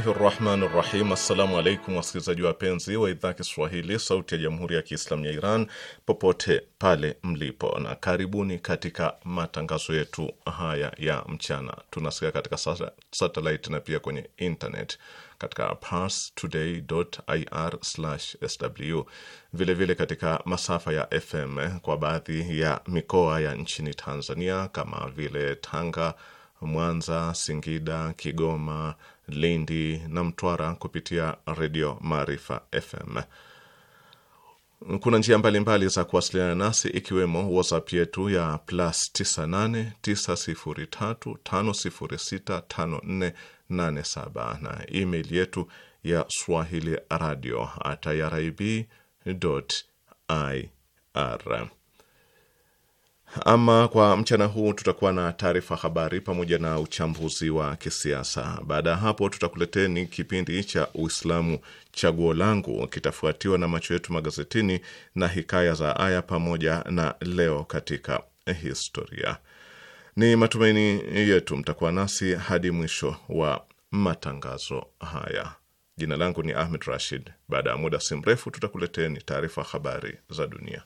Bismillahi rahmani rahim. Assalamu alaikum wasikilizaji wapenzi wa idhaa Kiswahili sauti ya jamhuri ya Kiislamu ya Iran popote pale mlipo, na karibuni katika matangazo yetu haya ya mchana. Tunasikia katika satelit na pia kwenye internet katika parstoday.ir/sw, vilevile katika masafa ya FM kwa baadhi ya mikoa ya nchini Tanzania kama vile Tanga, Mwanza, Singida, Kigoma Lindi na Mtwara kupitia Redio Maarifa FM. Kuna njia mbalimbali za kuwasiliana nasi ikiwemo WhatsApp yetu ya plus 989035065487 na email yetu ya swahili radio at iribir ama kwa mchana huu tutakuwa na taarifa habari pamoja na uchambuzi wa kisiasa. Baada ya hapo, tutakuleteni kipindi cha Uislamu chaguo langu, kitafuatiwa na macho yetu magazetini na hikaya za aya pamoja na leo katika historia. Ni matumaini yetu mtakuwa nasi hadi mwisho wa matangazo haya. Jina langu ni Ahmed Rashid. Baada ya muda si mrefu, tutakuleteni taarifa habari za dunia.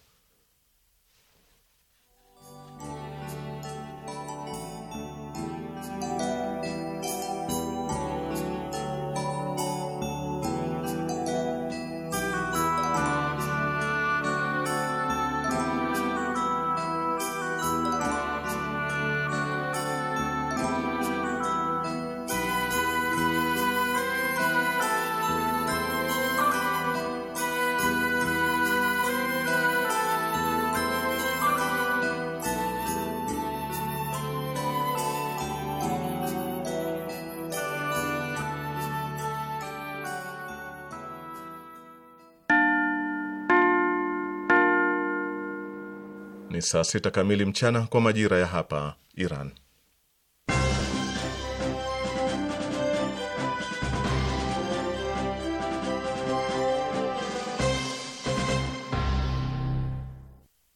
saa sita kamili mchana kwa majira ya hapa Iran.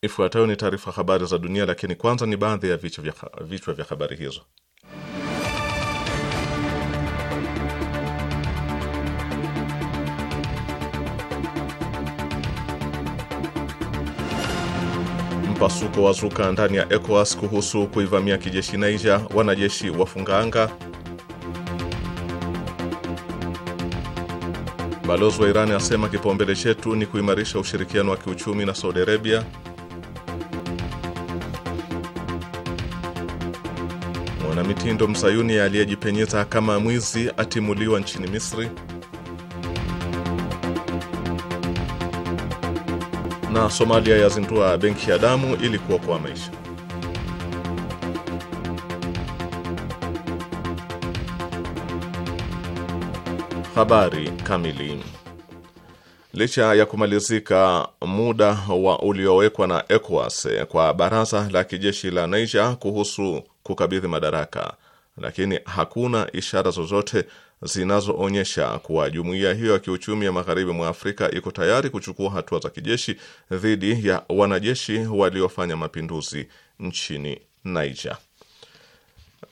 Ifuatayo ni taarifa habari za dunia, lakini kwanza ni baadhi ya vichwa vya habari hizo. Mpasuko zuka ndani ya ECOWAS kuhusu kuivamia kijeshi Niger, wanajeshi wafunga anga. Balozi wa Iran asema kipaumbele chetu ni kuimarisha ushirikiano wa kiuchumi na Saudi Arabia. Mwanamitindo msayuni aliyejipenyeza kama mwizi atimuliwa nchini Misri. na Somalia yazindua benki ya damu ili kuokoa maisha. Habari kamili. Licha ya kumalizika muda wa uliowekwa na ECOWAS kwa baraza la kijeshi la Niger kuhusu kukabidhi madaraka, lakini hakuna ishara zozote zinazoonyesha kuwa jumuiya hiyo ya kiuchumi ya magharibi mwa Afrika iko tayari kuchukua hatua za kijeshi dhidi ya wanajeshi waliofanya mapinduzi nchini Niger.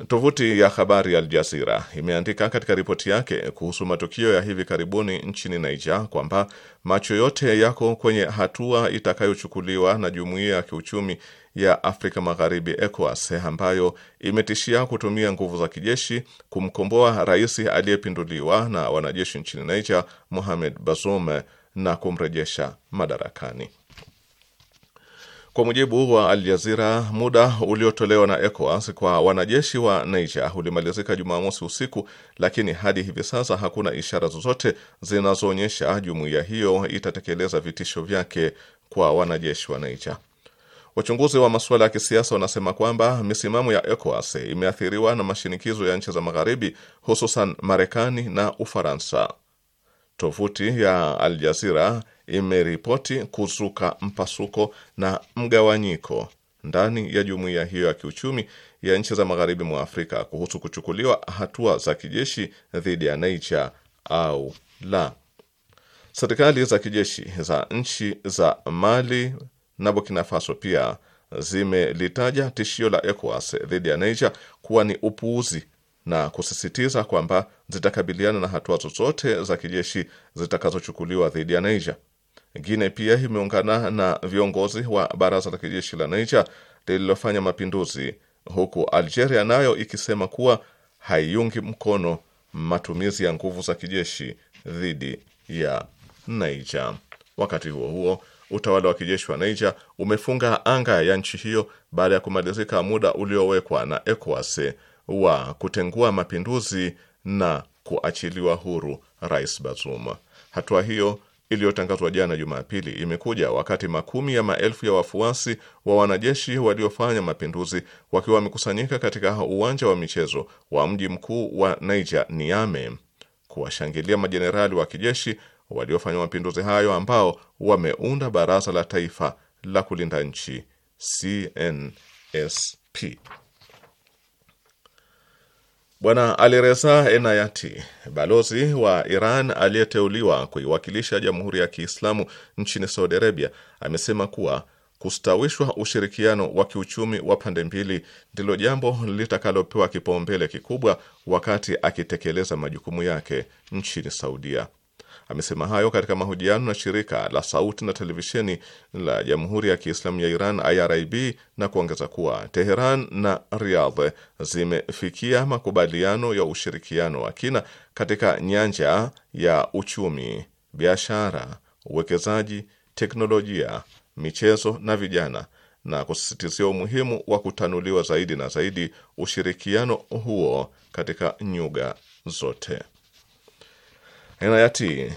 Tovuti ya habari ya Aljazira imeandika katika ripoti yake kuhusu matukio ya hivi karibuni nchini Niger kwamba macho yote yako kwenye hatua itakayochukuliwa na jumuiya ya kiuchumi ya Afrika Magharibi ECOWAS ambayo imetishia kutumia nguvu za kijeshi kumkomboa rais aliyepinduliwa na wanajeshi nchini Niger Mohamed Bazoum na kumrejesha madarakani. Kwa mujibu wa Al muda uliotolewa na ECOWAS kwa wanajeshi wa Niger ulimalizika Jumamosi usiku, lakini hadi hivi sasa hakuna ishara zozote zinazoonyesha jumuiya hiyo itatekeleza vitisho vyake kwa wanajeshi wa Niger. Wachunguzi wa masuala ya kisiasa wanasema kwamba misimamo ya ECOWAS imeathiriwa na mashinikizo ya nchi za Magharibi, hususan Marekani na Ufaransa. Tovuti ya Al Jazeera imeripoti kuzuka mpasuko na mgawanyiko ndani ya jumuiya hiyo ya kiuchumi ya nchi za magharibi mwa Afrika kuhusu kuchukuliwa hatua za kijeshi dhidi ya Niger au la. Serikali za kijeshi za nchi za Mali, na Burkina Faso pia zimelitaja tishio la ECOWAS dhidi ya Niger kuwa ni upuuzi na kusisitiza kwamba zitakabiliana na hatua zozote za kijeshi zitakazochukuliwa dhidi ya Niger. Guinea pia imeungana na viongozi wa baraza la kijeshi la Niger lililofanya mapinduzi, huku Algeria nayo ikisema kuwa haiungi mkono matumizi ya nguvu za kijeshi dhidi ya Niger. Wakati huo huo utawala wa kijeshi wa Niger umefunga anga ya nchi hiyo baada ya kumalizika muda uliowekwa na ECOWAS wa kutengua mapinduzi na kuachiliwa huru Rais Bazoum. Hatua hiyo iliyotangazwa jana Jumapili imekuja wakati makumi ya maelfu ya wafuasi wa wanajeshi waliofanya mapinduzi wakiwa wamekusanyika katika uwanja wa michezo wa mji mkuu wa Niger, Niamey, kuwashangilia majenerali wa kijeshi waliofanya mapinduzi hayo ambao wameunda baraza la taifa la kulinda nchi CNSP. Bwana Alireza Enayati, balozi wa Iran aliyeteuliwa kuiwakilisha Jamhuri ya Kiislamu nchini Saudi Arabia, amesema kuwa kustawishwa ushirikiano wa kiuchumi wa pande mbili ndilo jambo litakalopewa kipaumbele kikubwa wakati akitekeleza majukumu yake nchini Saudia. Amesema hayo katika mahojiano na shirika la sauti na televisheni la Jamhuri ya Kiislamu ya Iran IRIB na kuongeza kuwa Teheran na Riyadh zimefikia makubaliano ya ushirikiano wa kina katika nyanja ya uchumi, biashara, uwekezaji, teknolojia, michezo na vijana na kusisitizia umuhimu wa kutanuliwa zaidi na zaidi ushirikiano huo katika nyuga zote. Inayati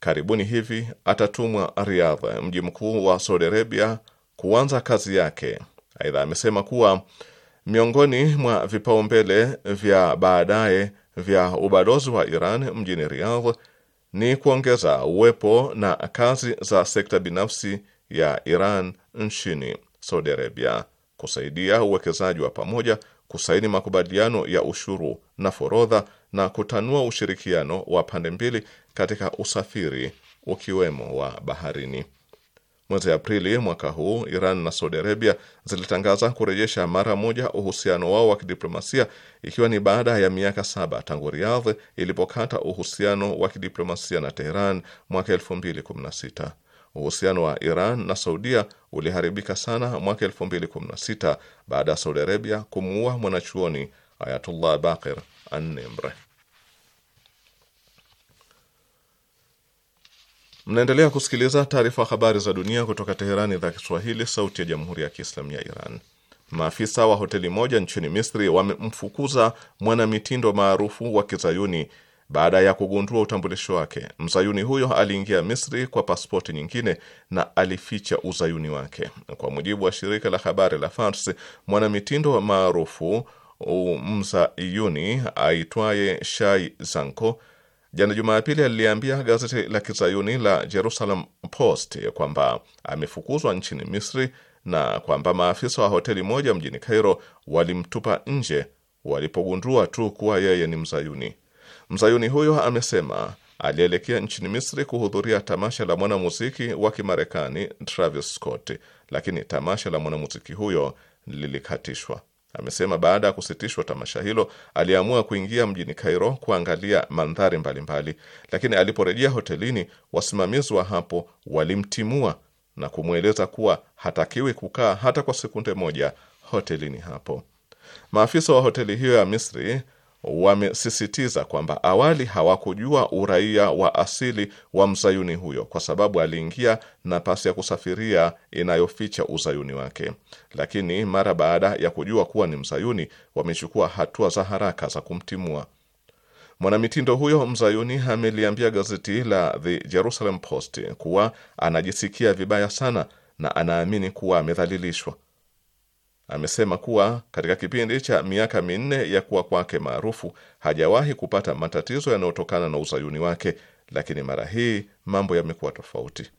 karibuni hivi atatumwa Riyadh, mji mkuu wa Saudi Arabia, kuanza kazi yake. Aidha amesema kuwa miongoni mwa vipaumbele vya baadaye vya ubalozi wa Iran mjini Riyadh ni kuongeza uwepo na kazi za sekta binafsi ya Iran nchini Saudi Arabia, kusaidia uwekezaji wa pamoja kusaini makubaliano ya ushuru na forodha na kutanua ushirikiano wa pande mbili katika usafiri ukiwemo wa baharini. Mwezi Aprili mwaka huu Iran na Saudi Arabia zilitangaza kurejesha mara moja uhusiano wao wa kidiplomasia ikiwa ni baada ya miaka saba tangu Riyadh ilipokata uhusiano wa kidiplomasia na Teheran mwaka 2016. Uhusiano wa Iran na Saudia uliharibika sana mwaka 2016 baada ya Saudi Arabia kumuua mwanachuoni Ayatullah Baqir An-Nimr. Mnaendelea kusikiliza taarifa habari za dunia kutoka Teherani, idhaa Kiswahili, sauti ya jamhuri ya kiislamu ya Iran. Maafisa wa hoteli moja nchini Misri wamemfukuza mwanamitindo maarufu wa kizayuni baada ya kugundua utambulisho wake, mzayuni huyo aliingia Misri kwa paspoti nyingine na alificha uzayuni wake. Kwa mujibu wa shirika la habari la Fars, mwanamitindo maarufu mzayuni aitwaye Shai Zanko jana Jumapili aliliambia gazeti la kizayuni la Jerusalem Post kwamba amefukuzwa nchini Misri na kwamba maafisa wa hoteli moja mjini Cairo walimtupa nje walipogundua tu kuwa yeye ni mzayuni. Mzayuni huyo amesema alielekea nchini Misri kuhudhuria tamasha la mwanamuziki wa Kimarekani Travis Scott, lakini tamasha la mwanamuziki huyo lilikatishwa. Amesema baada ya kusitishwa tamasha hilo aliamua kuingia mjini Cairo kuangalia mandhari mbalimbali, lakini aliporejea hotelini, wasimamizi wa hapo walimtimua na kumweleza kuwa hatakiwi kukaa hata kwa sekunde moja hotelini hapo. Maafisa wa hoteli hiyo ya Misri wamesisitiza kwamba awali hawakujua uraia wa asili wa mzayuni huyo kwa sababu aliingia na pasi ya kusafiria inayoficha uzayuni wake, lakini mara baada ya kujua kuwa ni mzayuni wamechukua hatua za haraka za kumtimua. Mwanamitindo huyo mzayuni ameliambia gazeti la The Jerusalem Post kuwa anajisikia vibaya sana na anaamini kuwa amedhalilishwa amesema kuwa katika kipindi cha miaka minne ya kuwa kwake maarufu hajawahi kupata matatizo yanayotokana na uzayuni wake, lakini mara hii mambo yamekuwa tofauti.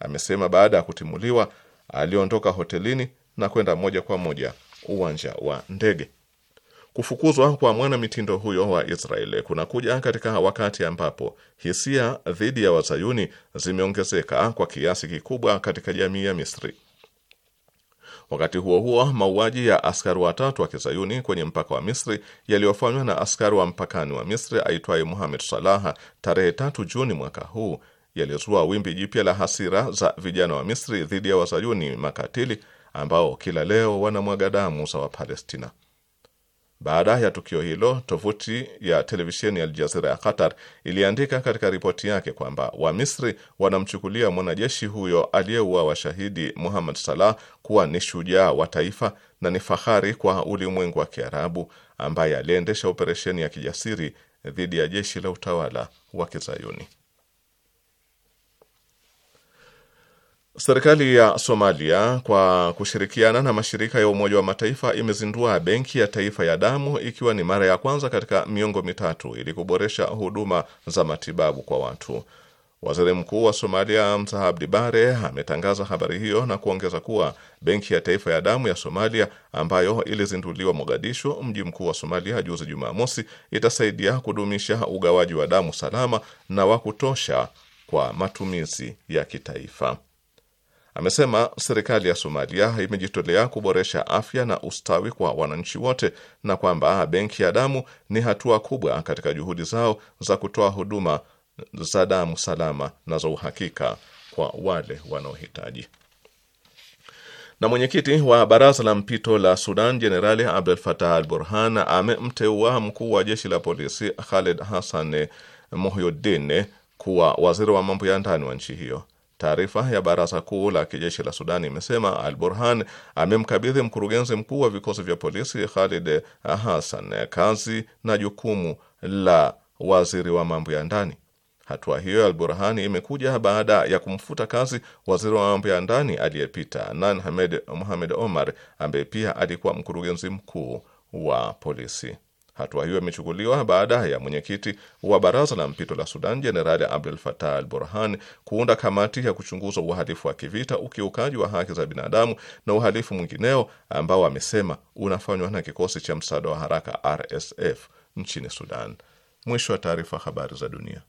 Amesema baada ya kutimuliwa aliondoka hotelini na kwenda moja kwa moja uwanja wa ndege. Kufukuzwa kwa mwanamitindo huyo wa Israeli kunakuja katika wakati ambapo hisia dhidi ya wazayuni zimeongezeka kwa kiasi kikubwa katika jamii ya Misri. Wakati huo huo, mauaji ya askari watatu wa kizayuni kwenye mpaka wa Misri yaliyofanywa na askari wa mpakani wa Misri aitwaye Muhamed Salaha tarehe tatu Juni mwaka huu yalizua wimbi jipya la hasira za vijana wa Misri dhidi ya wazayuni makatili ambao kila leo wanamwaga damu za Wapalestina. Baada ya tukio hilo, tovuti ya televisheni ya Aljazira ya Qatar iliandika katika ripoti yake kwamba Wamisri wanamchukulia mwanajeshi huyo aliyeuawa shahidi Muhammad Salah kuwa ni shujaa wa taifa na ni fahari kwa ulimwengu wa Kiarabu ambaye aliendesha operesheni ya kijasiri dhidi ya jeshi la utawala wa Kizayuni. Serikali ya Somalia kwa kushirikiana na mashirika ya Umoja wa Mataifa imezindua benki ya taifa ya damu ikiwa ni mara ya kwanza katika miongo mitatu ili kuboresha huduma za matibabu kwa watu. Waziri Mkuu wa Somalia Musa Abdi Bare ametangaza habari hiyo na kuongeza kuwa benki ya taifa ya damu ya Somalia ambayo ilizinduliwa Mogadishu, mji mkuu wa Somalia, juzi Jumamosi, itasaidia kudumisha ugawaji wa damu salama na wa kutosha kwa matumizi ya kitaifa. Amesema serikali ya Somalia imejitolea kuboresha afya na ustawi kwa wananchi wote na kwamba benki ya damu ni hatua kubwa katika juhudi zao za kutoa huduma za damu salama na za uhakika kwa wale wanaohitaji. Na mwenyekiti wa baraza la mpito la Sudan, Jenerali Abdel Fattah al Burhan amemteua mkuu wa jeshi la polisi Khaled Hassan Mohyuddin kuwa waziri wa mambo ya ndani wa nchi hiyo. Taarifa ya baraza kuu la kijeshi la Sudani imesema Al Burhan amemkabidhi mkurugenzi mkuu wa vikosi vya polisi Khalid Hassan kazi na jukumu la waziri wa mambo ya ndani. Hatua hiyo Al Burhan imekuja baada ya kumfuta kazi waziri wa mambo ya ndani aliyepita Nan Hamed Mohamed Omar ambaye pia alikuwa mkurugenzi mkuu wa polisi. Hatua hiyo imechukuliwa baada ya mwenyekiti wa baraza la mpito la Sudan, Jenerali abdul fatah al Burhan, kuunda kamati ya kuchunguza uhalifu wa kivita, ukiukaji wa haki za binadamu na uhalifu mwingineo ambao amesema unafanywa na kikosi cha msaada wa haraka RSF nchini Sudan. Mwisho wa taarifa. Habari za dunia.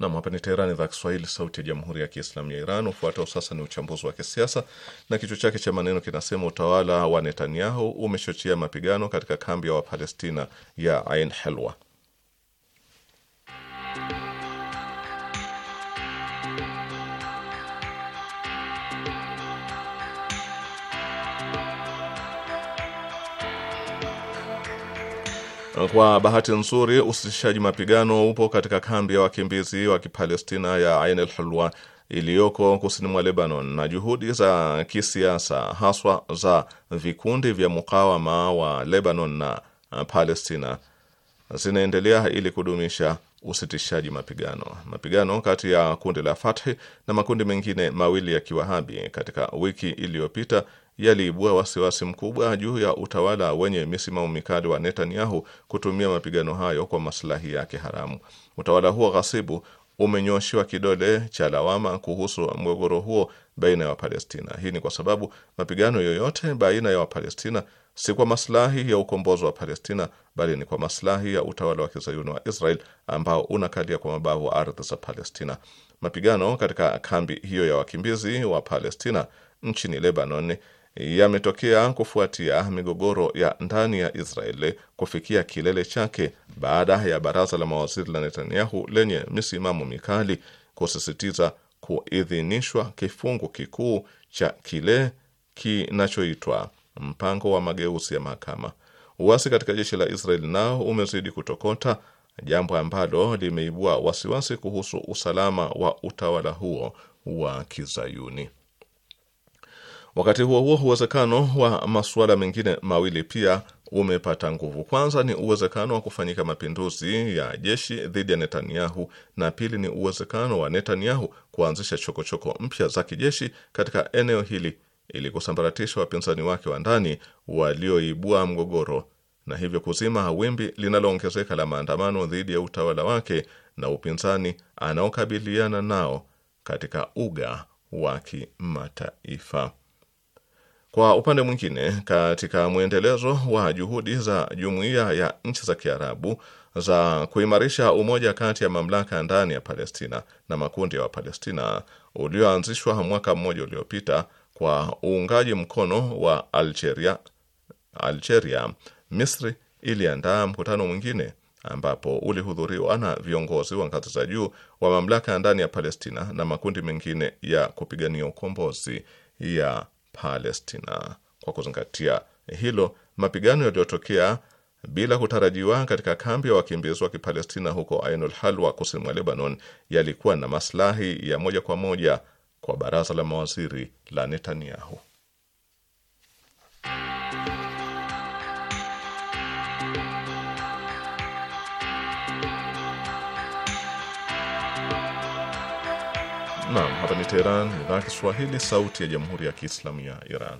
Nam, hapa ni Teherani, idhaa Kiswahili, sauti ya jamhuri ya kiislamu ya Iran. Ufuatao sasa ni uchambuzi wa kisiasa na kichwa chake cha maneno kinasema: utawala wa Netanyahu umechochea mapigano katika kambi ya Wapalestina ya Ain Helwa. Kwa bahati nzuri, usitishaji mapigano upo katika kambi ya wakimbizi wa Kipalestina ya Ain el hulwa iliyoko kusini mwa Lebanon, na juhudi za kisiasa haswa za vikundi vya mukawama wa Lebanon na uh, Palestina zinaendelea ili kudumisha usitishaji mapigano. Mapigano kati ya kundi la Fathi na makundi mengine mawili ya Kiwahabi katika wiki iliyopita yaliibua wasiwasi mkubwa juu ya utawala wenye misimamo mikali wa Netanyahu kutumia mapigano hayo kwa maslahi yake haramu. Utawala huo ghasibu umenyoshiwa kidole cha lawama kuhusu mgogoro huo baina ya Wapalestina. Hii ni kwa sababu mapigano yoyote baina ya Wapalestina si kwa maslahi ya ukombozi wa Palestina, bali ni kwa maslahi ya utawala wa kizayuni wa Israel ambao unakalia kwa mabavu wa ardhi za Palestina. Mapigano katika kambi hiyo ya wakimbizi wa Palestina nchini Lebanon yametokea kufuatia migogoro ya ndani ya Israeli kufikia kilele chake baada ya baraza la mawaziri la Netanyahu lenye misimamo mikali kusisitiza kuidhinishwa kifungu kikuu cha kile kinachoitwa mpango wa mageuzi ya mahakama. Uasi katika jeshi la Israeli nao umezidi kutokota, jambo ambalo limeibua wasiwasi kuhusu usalama wa utawala huo wa Kizayuni. Wakati huo huo, uwezekano wa masuala mengine mawili pia umepata nguvu. Kwanza ni uwezekano wa kufanyika mapinduzi ya jeshi dhidi ya Netanyahu, na pili ni uwezekano wa Netanyahu kuanzisha chokochoko mpya za kijeshi katika eneo hili ili kusambaratisha wapinzani wake wa ndani walioibua mgogoro na hivyo kuzima wimbi linaloongezeka la maandamano dhidi ya utawala wake na upinzani anaokabiliana nao katika uga wa kimataifa. Kwa upande mwingine, katika mwendelezo wa juhudi za jumuiya ya nchi za Kiarabu za kuimarisha umoja kati ya mamlaka ndani ya Palestina na makundi ya Wapalestina ulioanzishwa mwaka mmoja uliopita kwa uungaji mkono wa Algeria, Algeria, Misri iliandaa mkutano mwingine ambapo ulihudhuriwa na viongozi wa ngazi za juu wa mamlaka ndani ya Palestina na makundi mengine ya kupigania ukombozi ya Palestina. Kwa kuzingatia hilo, mapigano yaliyotokea bila kutarajiwa katika kambi ya wakimbizi wa Kipalestina huko Ainul Halwa kusini mwa Lebanon yalikuwa na maslahi ya moja kwa moja kwa baraza la mawaziri la Netanyahu. Naam, hapa ni Teheran, idhaa ya Kiswahili, sauti ya jamhuri ya kiislamu ya Iran.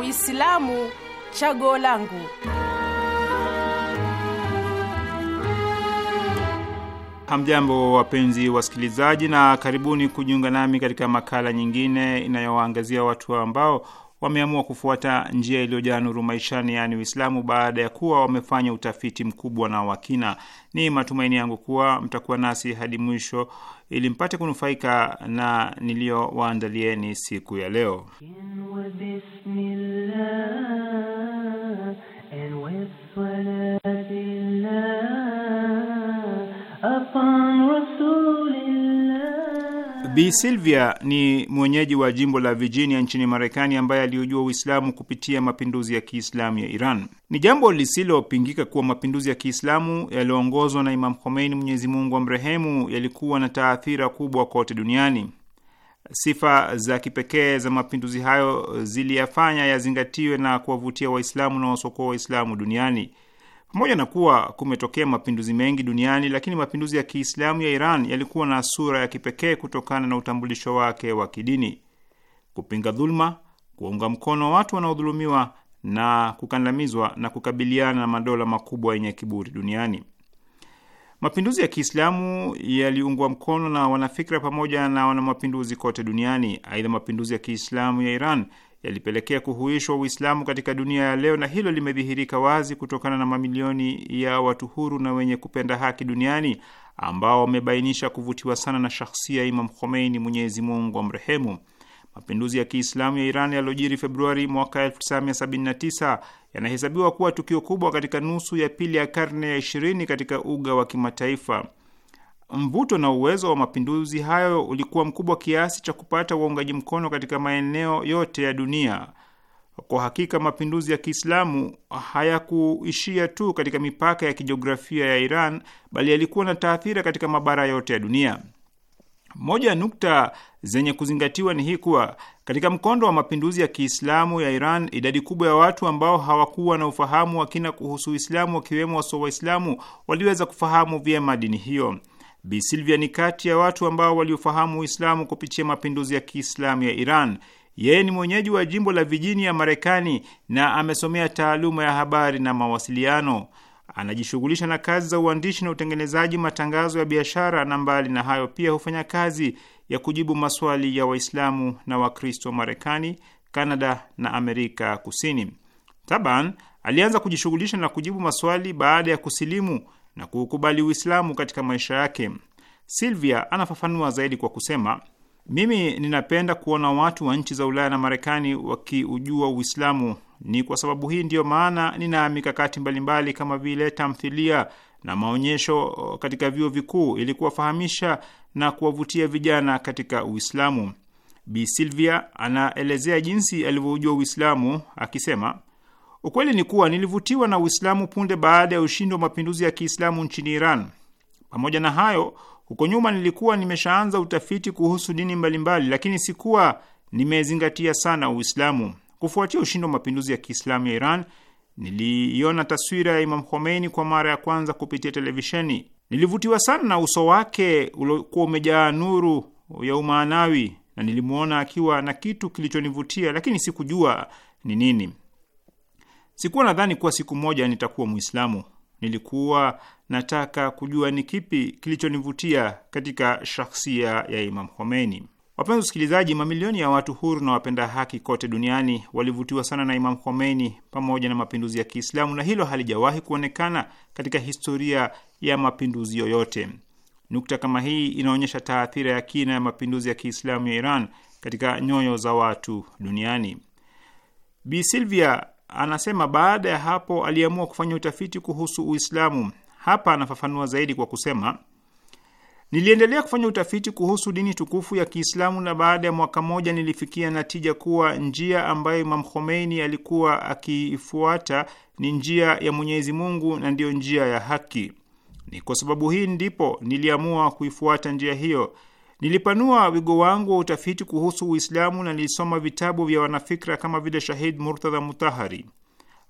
Uislamu chaguo langu. Hamjambo, wapenzi wasikilizaji, na karibuni kujiunga nami katika makala nyingine inayowaangazia watu ambao wameamua kufuata njia iliyojaa nuru maishani, yaani Uislamu, baada ya kuwa wamefanya utafiti mkubwa na wakina. Ni matumaini yangu kuwa mtakuwa nasi hadi mwisho ili mpate kunufaika na niliyowaandalieni siku ya leo. Bi Silvia ni mwenyeji wa jimbo la Virginia nchini Marekani, ambaye aliujua Uislamu kupitia mapinduzi ya Kiislamu ya Iran. Ni jambo lisilopingika kuwa mapinduzi ya Kiislamu yaliyoongozwa na Imam Khomeini, Mwenyezi Mungu amrehemu, yalikuwa na taathira kubwa kote duniani. Sifa za kipekee za mapinduzi hayo ziliyafanya yazingatiwe na kuwavutia Waislamu na wasokoa Waislamu duniani. Pamoja na kuwa kumetokea mapinduzi mengi duniani, lakini mapinduzi ya Kiislamu ya Iran yalikuwa na sura ya kipekee kutokana na utambulisho wake wa kidini, kupinga dhuluma, kuwaunga mkono watu wanaodhulumiwa na kukandamizwa, na kukabiliana na madola makubwa yenye kiburi duniani. Mapinduzi ya Kiislamu yaliungwa mkono na wanafikra pamoja na wanamapinduzi kote duniani. Aidha, mapinduzi ya Kiislamu ya Iran yalipelekea kuhuishwa Uislamu katika dunia ya leo, na hilo limedhihirika wazi kutokana na mamilioni ya watu huru na wenye kupenda haki duniani ambao wamebainisha kuvutiwa sana na shahsia ya Imam Khomeini, Mwenyezi Mungu amrehemu. Mapinduzi ya Kiislamu ya Iran yaliyojiri Februari mwaka 1979 yanahesabiwa kuwa tukio kubwa katika nusu ya pili ya karne ya 20 katika uga wa kimataifa mvuto na uwezo wa mapinduzi hayo ulikuwa mkubwa kiasi cha kupata waungaji mkono katika maeneo yote ya dunia. Kwa hakika mapinduzi ya Kiislamu hayakuishia tu katika mipaka ya kijiografia ya Iran, bali yalikuwa na taathira katika mabara yote ya dunia. Moja ya nukta zenye kuzingatiwa ni hii kuwa katika mkondo wa mapinduzi ya Kiislamu ya Iran, idadi kubwa ya watu ambao hawakuwa na ufahamu wa kina kuhusu Uislamu, wakiwemo wasio Waislamu, waliweza kufahamu vyema dini hiyo. Bi Silvia ni kati ya watu ambao waliofahamu Uislamu kupitia mapinduzi ya Kiislamu ya Iran. Yeye ni mwenyeji wa jimbo la Virginia, Marekani, na amesomea taaluma ya habari na mawasiliano. Anajishughulisha na kazi za uandishi na utengenezaji matangazo ya biashara, na mbali na hayo pia hufanya kazi ya kujibu maswali ya Waislamu na Wakristo wa Marekani, Kanada na Amerika Kusini. Taban alianza kujishughulisha na kujibu maswali baada ya kusilimu na kuukubali Uislamu katika maisha yake. Silvia anafafanua zaidi kwa kusema, mimi ninapenda kuona watu wa nchi za Ulaya na Marekani wakiujua Uislamu. Ni kwa sababu hii ndiyo maana nina mikakati mbalimbali kama vile tamthilia na maonyesho katika vyuo vikuu ili kuwafahamisha na kuwavutia vijana katika Uislamu. Bi Silvia anaelezea jinsi alivyoujua Uislamu akisema Ukweli ni kuwa nilivutiwa na Uislamu punde baada ya ushindi wa mapinduzi ya Kiislamu nchini Iran. Pamoja na hayo, huko nyuma nilikuwa nimeshaanza utafiti kuhusu dini mbalimbali, lakini sikuwa nimezingatia sana Uislamu. Kufuatia ushindi wa mapinduzi ya Kiislamu ya Iran, niliiona taswira ya Imam Khomeini kwa mara ya kwanza kupitia televisheni. Nilivutiwa sana na uso wake uliokuwa umejaa nuru ya umaanawi, na nilimwona akiwa na kitu kilichonivutia, lakini sikujua ni nini. Sikuwa nadhani kuwa siku moja nitakuwa Mwislamu. Nilikuwa nataka kujua ni kipi kilichonivutia katika shahsia ya Imam Khomeini. Wapenzi wasikilizaji, mamilioni ya watu huru na wapenda haki kote duniani walivutiwa sana na Imam Khomeini pamoja na mapinduzi ya Kiislamu, na hilo halijawahi kuonekana katika historia ya mapinduzi yoyote. Nukta kama hii inaonyesha taathira ya kina ya mapinduzi ya Kiislamu ya Iran katika nyoyo za watu duniani. Bi Silvia anasema baada ya hapo aliamua kufanya utafiti kuhusu Uislamu. Hapa anafafanua zaidi kwa kusema, niliendelea kufanya utafiti kuhusu dini tukufu ya Kiislamu na baada ya mwaka mmoja nilifikia natija kuwa njia ambayo Imam Khomeini alikuwa akiifuata ni njia ya Mwenyezi Mungu na ndiyo njia ya haki. Ni kwa sababu hii ndipo niliamua kuifuata njia hiyo. Nilipanua wigo wangu wa utafiti kuhusu Uislamu na nilisoma vitabu vya wanafikra kama vile Shahid Murtadha Mutahari.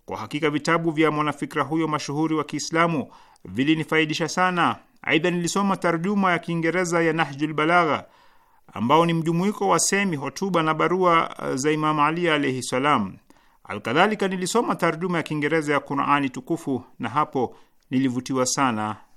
Kwa hakika vitabu vya mwanafikra huyo mashuhuri wa Kiislamu vilinifaidisha sana. Aidha, nilisoma tarjuma ya Kiingereza ya Nahjul Balagha ambao ni mjumuiko wa semi, hotuba na barua eh, za Imam Ali alaihi salam. Alkadhalika nilisoma tarjuma ya Kiingereza ya Qurani tukufu na hapo nilivutiwa sana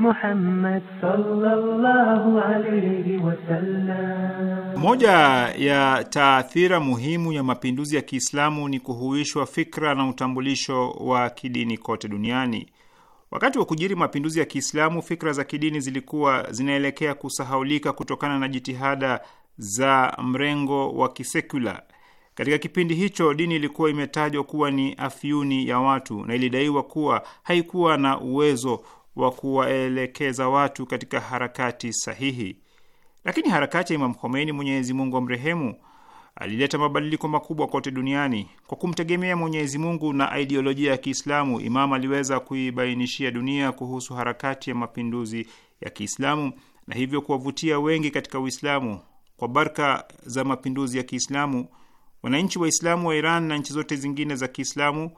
Muhammad sallallahu alayhi sallam. Moja ya taathira muhimu ya mapinduzi ya Kiislamu ni kuhuishwa fikra na utambulisho wa kidini kote duniani. Wakati wa kujiri mapinduzi ya Kiislamu, fikra za kidini zilikuwa zinaelekea kusahaulika kutokana na jitihada za mrengo wa kisekula. Katika kipindi hicho dini ilikuwa imetajwa kuwa ni afyuni ya watu na ilidaiwa kuwa haikuwa na uwezo wa kuwaelekeza watu katika harakati sahihi. Lakini harakati ya Imam Khomeini, Mwenyezi Mungu amrehemu, alileta mabadiliko makubwa kote duniani kwa kumtegemea Mwenyezi Mungu na aidiolojia ya Kiislamu. Imam aliweza kuibainishia dunia kuhusu harakati ya mapinduzi ya Kiislamu na hivyo kuwavutia wengi katika Uislamu. Kwa baraka za mapinduzi ya Kiislamu, wananchi Waislamu wa Iran na nchi zote zingine za Kiislamu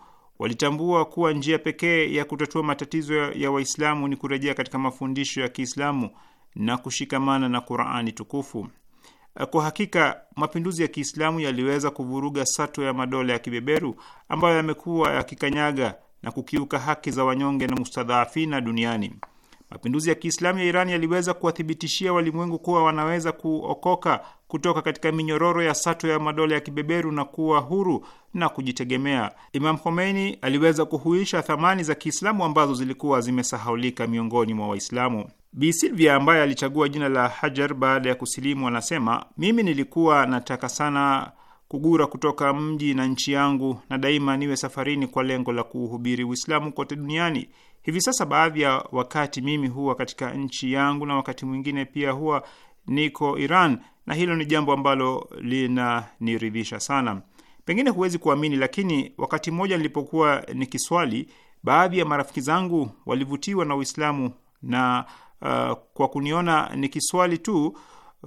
Walitambua kuwa njia pekee ya kutatua matatizo ya Waislamu ni kurejea katika mafundisho ya Kiislamu na kushikamana na Qurani tukufu. Kwa hakika mapinduzi ya Kiislamu yaliweza kuvuruga sato ya madola ya kibeberu ambayo yamekuwa yakikanyaga na kukiuka haki za wanyonge na mustadhaafina duniani. Mapinduzi ya Kiislamu ya Iran yaliweza kuwathibitishia walimwengu kuwa wanaweza kuokoka kutoka katika minyororo ya sato ya madola ya kibeberu na kuwa huru na kujitegemea. Imam Khomeini aliweza kuhuisha thamani za Kiislamu ambazo zilikuwa zimesahaulika miongoni mwa Waislamu. Bi Silvia ambaye alichagua jina la Hajar baada ya kusilimu, anasema mimi nilikuwa nataka sana kugura kutoka mji na nchi yangu na daima niwe safarini kwa lengo la kuuhubiri Uislamu kote duniani. Hivi sasa baadhi ya wakati mimi huwa katika nchi yangu na wakati mwingine pia huwa niko Iran na hilo ni jambo ambalo linaniridhisha sana. Pengine huwezi kuamini, lakini wakati mmoja nilipokuwa nikiswali, baadhi ya marafiki zangu walivutiwa na Uislamu na uh, kwa kuniona nikiswali tu,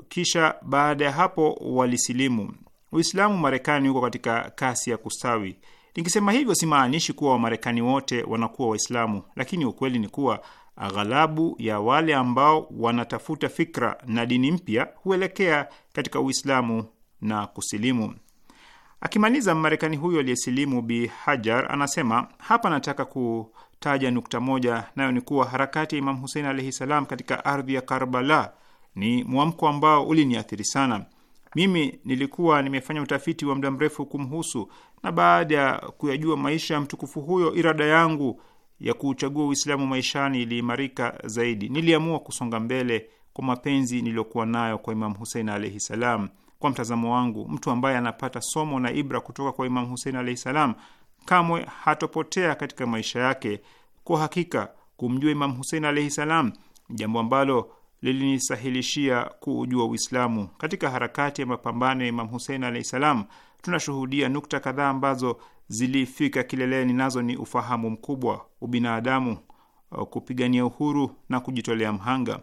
kisha baada ya hapo walisilimu. Uislamu Marekani huko katika kasi ya kustawi. Nikisema hivyo simaanishi kuwa Wamarekani wote wanakuwa Waislamu, lakini ukweli ni kuwa aghalabu ya wale ambao wanatafuta fikra na dini mpya huelekea katika Uislamu na kusilimu. Akimaliza, Mmarekani huyo aliyesilimu Bi Hajar anasema hapa nataka kutaja nukta moja, nayo ni kuwa harakati ya Imam Husein alaihi salam katika ardhi ya Karbala ni mwamko ambao uliniathiri sana. Mimi nilikuwa nimefanya utafiti wa muda mrefu kumhusu, na baada ya kuyajua maisha ya mtukufu huyo, irada yangu ya kuuchagua Uislamu maishani iliimarika zaidi, niliamua kusonga mbele kwa mapenzi niliyokuwa nayo kwa Imam Husein alaihi salam. Kwa mtazamo wangu, mtu ambaye anapata somo na ibra kutoka kwa Imam Husein alaihi salam kamwe hatopotea katika maisha yake. Kwa hakika kumjua Imam Husein alaihi salam, jambo ambalo lilinisahilishia kuujua Uislamu. Katika harakati ya mapambano ya Imam Husein alaihi salam tunashuhudia nukta kadhaa ambazo zilifika kileleni, nazo ni ufahamu mkubwa, ubinadamu, uh, kupigania uhuru na kujitolea mhanga.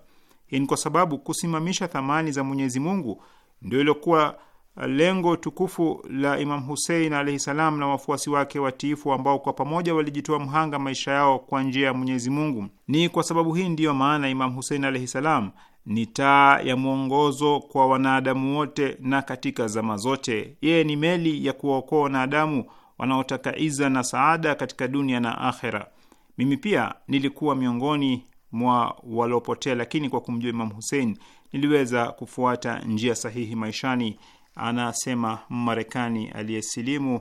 Hii ni kwa sababu kusimamisha thamani za Mwenyezi Mungu ndio iliokuwa uh, lengo tukufu la Imam Husein alaihi salam na wafuasi wake watiifu ambao kwa pamoja walijitoa mhanga maisha yao kwa njia ya Mwenyezi Mungu. Ni kwa sababu hii ndiyo maana Imam Husein alaihi salam ni taa ya mwongozo kwa wanadamu wote na katika zama zote. Yeye ni meli ya kuwaokoa wanadamu wanaotaka iza na saada katika dunia na akhera. Mimi pia nilikuwa miongoni mwa waliopotea, lakini kwa kumjua imam Husein niliweza kufuata njia sahihi maishani, anasema marekani aliyesilimu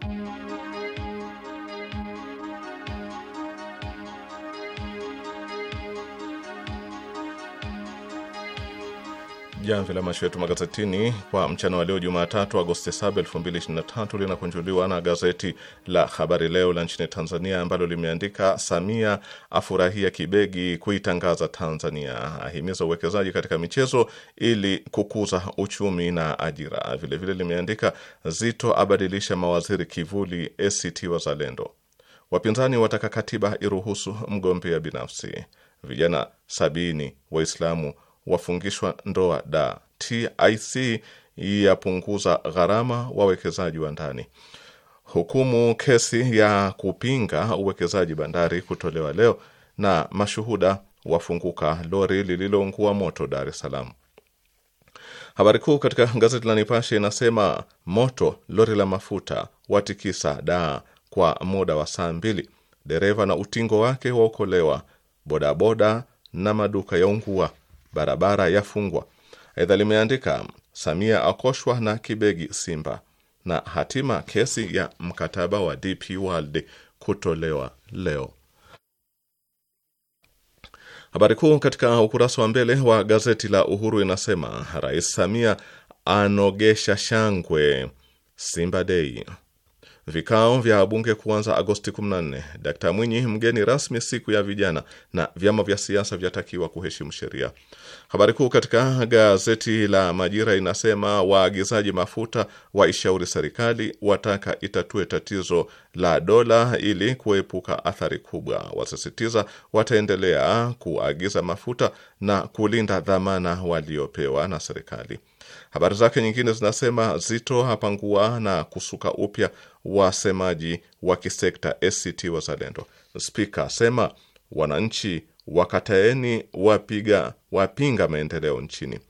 Thank you. jamvi la macho yetu magazetini kwa mchana wa leo Jumatatu, Agosti 7, 2023 linakunjuliwa na gazeti la Habari Leo la nchini Tanzania ambalo limeandika Samia afurahia kibegi kuitangaza Tanzania, ahimiza uwekezaji katika michezo ili kukuza uchumi na ajira. Vilevile vile limeandika Zito abadilisha mawaziri kivuli ACT Wazalendo, wapinzani wataka katiba iruhusu mgombea binafsi, vijana sabini Waislamu wafungishwa ndoa da. TIC yapunguza gharama wawekezaji wa ndani. Hukumu kesi ya kupinga uwekezaji bandari kutolewa leo, na mashuhuda wafunguka lori lililoungua moto Dar es Salaam. Habari kuu katika gazeti la Nipashe inasema moto lori la mafuta watikisa daa kwa muda wa saa mbili, dereva na utingo wake waokolewa, bodaboda na maduka ya ungua barabara yafungwa. Aidha limeandika Samia akoshwa na kibegi Simba na hatima kesi ya mkataba wa DP World kutolewa leo. Habari kuu katika ukurasa wa mbele wa gazeti la Uhuru inasema Rais Samia anogesha shangwe Simba Day vikao vya bunge kuanza Agosti 14. Dkt Mwinyi, mgeni rasmi siku ya vijana, na vyama vya siasa vyatakiwa kuheshimu sheria. Habari kuu katika gazeti la Majira inasema waagizaji mafuta waishauri serikali, wataka itatue tatizo la dola ili kuepuka athari kubwa, wasisitiza wataendelea kuagiza mafuta na kulinda dhamana waliopewa na serikali. Habari zake nyingine zinasema Zito hapangua na kusuka upya wasemaji wa kisekta ACT Wazalendo. Spika asema wananchi wakataeni wapiga wapinga maendeleo nchini.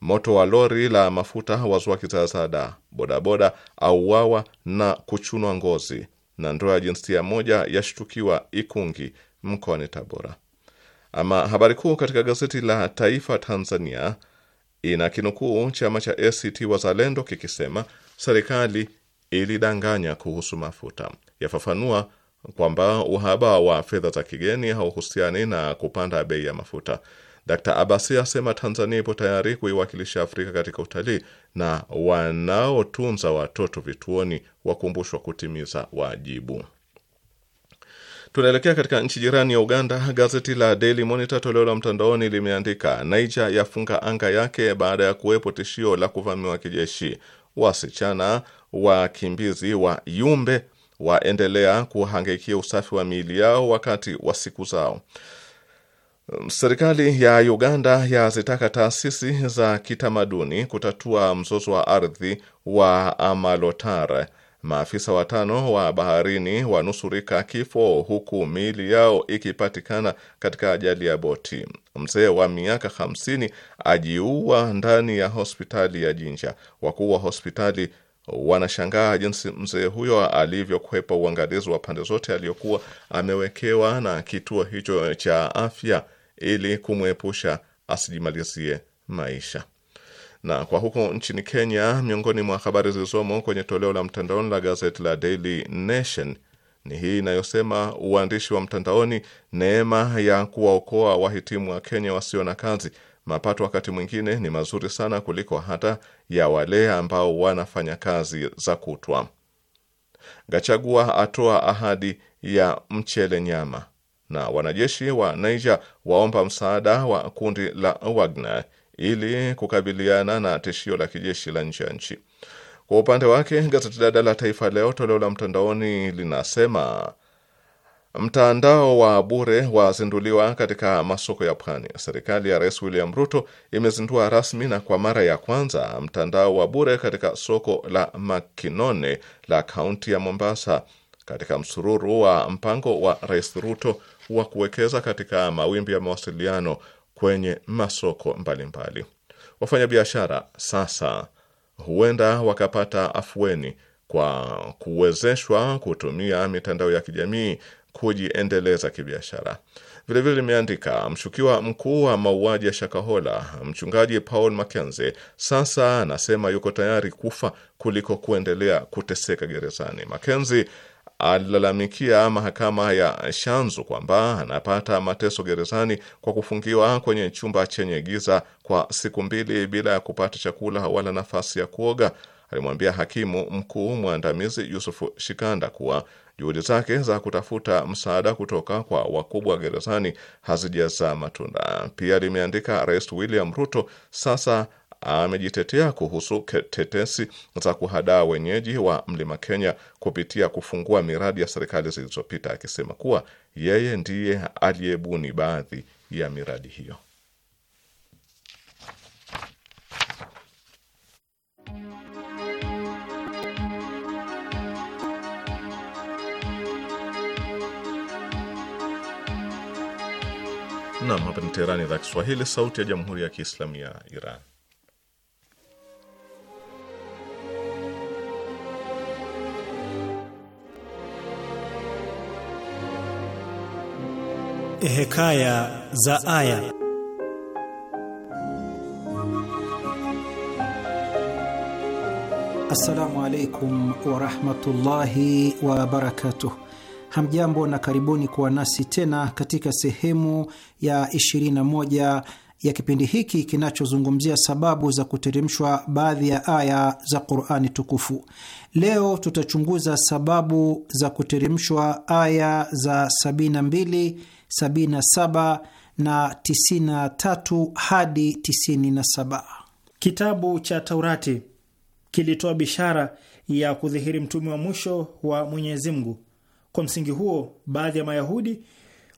Moto wa lori la mafuta wazua kizaazada. Bodaboda auawa na kuchunwa ngozi, na ndoa ya jinsia moja yashtukiwa Ikungi mkoani Tabora. Ama habari kuu katika gazeti la Taifa Tanzania ina kinukuu chama cha ACT Wazalendo kikisema serikali ilidanganya kuhusu mafuta. Yafafanua kwamba uhaba wa fedha za kigeni hauhusiani na kupanda bei ya mafuta. Dkt Abasi asema Tanzania ipo tayari kuiwakilisha Afrika katika utalii na wanaotunza watoto vituoni wakumbushwa kutimiza wajibu. Tunaelekea katika nchi jirani ya Uganda. Gazeti la Daily Monitor toleo la mtandaoni limeandika Niger yafunga anga yake baada ya kuwepo tishio la kuvamiwa kijeshi. Wasichana wakimbizi wa Yumbe waendelea kuhangaikia usafi wa miili yao wakati wa siku zao. Um, serikali ya Uganda yazitaka taasisi za kitamaduni kutatua mzozo wa ardhi wa Amalotare Maafisa watano wa baharini wanusurika kifo huku miili yao ikipatikana katika ajali ya boti. Mzee wa miaka hamsini ajiua ndani ya hospitali ya Jinja. Wakuu wa hospitali wanashangaa jinsi mzee huyo alivyokwepa uangalizi wa pande zote aliyokuwa amewekewa na kituo hicho cha afya ili kumwepusha asijimalizie maisha. Na kwa huko nchini Kenya, miongoni mwa habari zilizomo kwenye toleo la mtandaoni la gazeti la Daily Nation ni hii inayosema uandishi wa mtandaoni, neema ya kuwaokoa wahitimu wa Kenya wasio na kazi. Mapato wakati mwingine ni mazuri sana kuliko hata ya wale ambao wanafanya kazi za kutwa. Gachagua atoa ahadi ya mchele nyama, na wanajeshi wa Niger waomba msaada wa kundi la Wagner ili kukabiliana na tishio la kijeshi la nje ya nchi. Kwa upande wake gazeti dada la Taifa Leo toleo la mtandaoni linasema mtandao wa bure wazinduliwa katika masoko ya pwani. Serikali ya Rais William Ruto imezindua rasmi na kwa mara ya kwanza mtandao wa bure katika soko la Makinone la kaunti ya Mombasa katika msururu wa mpango wa Rais Ruto wa kuwekeza katika mawimbi ya mawasiliano kwenye masoko mbalimbali. Wafanyabiashara sasa huenda wakapata afueni kwa kuwezeshwa kutumia mitandao ya kijamii kujiendeleza kibiashara. Vilevile limeandika mshukiwa mkuu wa mauaji ya Shakahola, mchungaji Paul Mackenzie, sasa anasema yuko tayari kufa kuliko kuendelea kuteseka gerezani. makenzi alilalamikia mahakama ya Shanzu kwamba anapata mateso gerezani kwa kufungiwa kwenye chumba chenye giza kwa siku mbili bila ya kupata chakula wala nafasi ya kuoga. Alimwambia hakimu mkuu mwandamizi Yusufu Shikanda kuwa juhudi zake za kutafuta msaada kutoka kwa wakubwa gerezani hazijazaa matunda. Pia limeandika Rais William Ruto sasa amejitetea kuhusu tetesi za kuhadaa wenyeji wa mlima Kenya kupitia kufungua miradi ya serikali zilizopita, akisema kuwa yeye ndiye aliyebuni baadhi ya miradi hiyo. Nam, hapa ni Teherani, idhaa Kiswahili, sauti ya jamhuri ya kiislamu ya Iran. Hekaya za Aya. Assalamu alaikum warahmatullahi wabarakatuh. Hamjambo na karibuni kuwa nasi tena katika sehemu ya 21 ya kipindi hiki kinachozungumzia sababu za kuteremshwa baadhi ya aya za Qur'ani tukufu. Leo tutachunguza sababu za kuteremshwa aya za 72 77 na 93 hadi 97. Kitabu cha Taurati kilitoa bishara ya kudhihiri mtume wa mwisho wa Mwenyezi Mungu. Kwa msingi huo, baadhi ya Mayahudi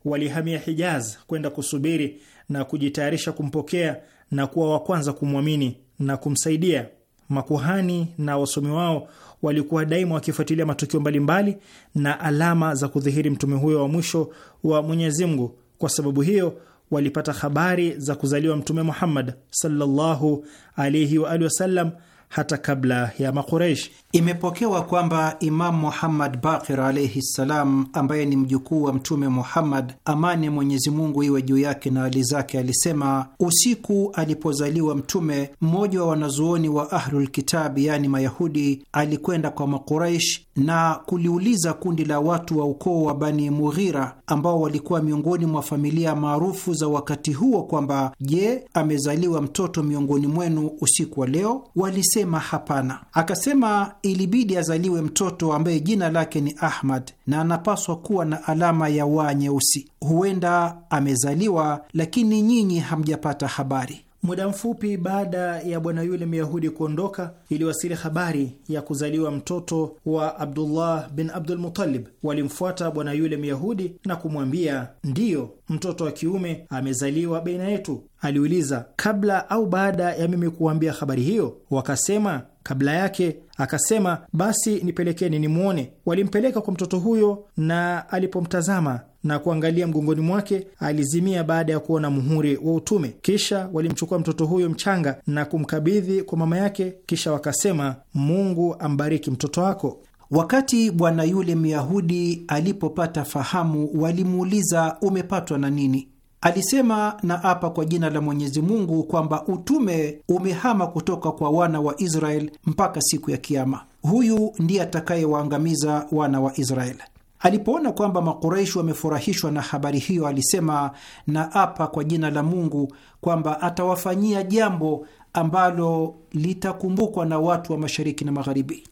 walihamia Hijaz kwenda kusubiri na kujitayarisha kumpokea na kuwa wa kwanza kumwamini na kumsaidia makuhani na wasomi wao walikuwa daima wakifuatilia matukio mbalimbali na alama za kudhihiri mtume huyo wa mwisho wa Mwenyezi Mungu. Kwa sababu hiyo walipata habari za kuzaliwa Mtume Muhammad sallallahu alaihi wa alihi wasallam hata kabla ya Makureish. Imepokewa kwamba Imamu Muhammad Bakir alaihi ssalam, ambaye ni mjukuu wa Mtume Muhammad, amani ya Mwenyezi Mungu iwe juu yake na hali zake, alisema usiku alipozaliwa Mtume, mmoja wa wanazuoni wa Ahlulkitabi yaani Mayahudi alikwenda kwa Makuraish na kuliuliza kundi la watu wa ukoo wa Bani Mughira ambao walikuwa miongoni mwa familia maarufu za wakati huo kwamba je, amezaliwa mtoto miongoni mwenu usiku wa leo? Walise akasema hapana. Akasema ilibidi azaliwe mtoto ambaye jina lake ni Ahmad na anapaswa kuwa na alama ya waa nyeusi. Huenda amezaliwa, lakini nyinyi hamjapata habari. Muda mfupi baada ya bwana yule myahudi kuondoka, iliwasili habari ya kuzaliwa mtoto wa Abdullah bin Abdul Muttalib. Walimfuata bwana yule myahudi na kumwambia, ndiyo, mtoto wa kiume amezaliwa baina yetu. Aliuliza, kabla au baada ya mimi kuwambia habari hiyo? Wakasema, kabla yake. Akasema, basi nipelekeni nimwone. Walimpeleka kwa mtoto huyo, na alipomtazama na kuangalia mgongoni mwake, alizimia baada ya kuona muhuri wa utume. Kisha walimchukua mtoto huyo mchanga na kumkabidhi kwa mama yake, kisha wakasema, Mungu ambariki mtoto wako. Wakati bwana yule Myahudi alipopata fahamu, walimuuliza umepatwa na nini? Alisema, na apa kwa jina la Mwenyezi Mungu kwamba utume umehama kutoka kwa wana wa Israeli mpaka siku ya Kiama. Huyu ndiye atakayewaangamiza wana wa Israeli. Alipoona kwamba Makuraishi wamefurahishwa na habari hiyo, alisema na apa kwa jina la Mungu kwamba atawafanyia jambo ambalo litakumbukwa na watu wa mashariki na magharibi.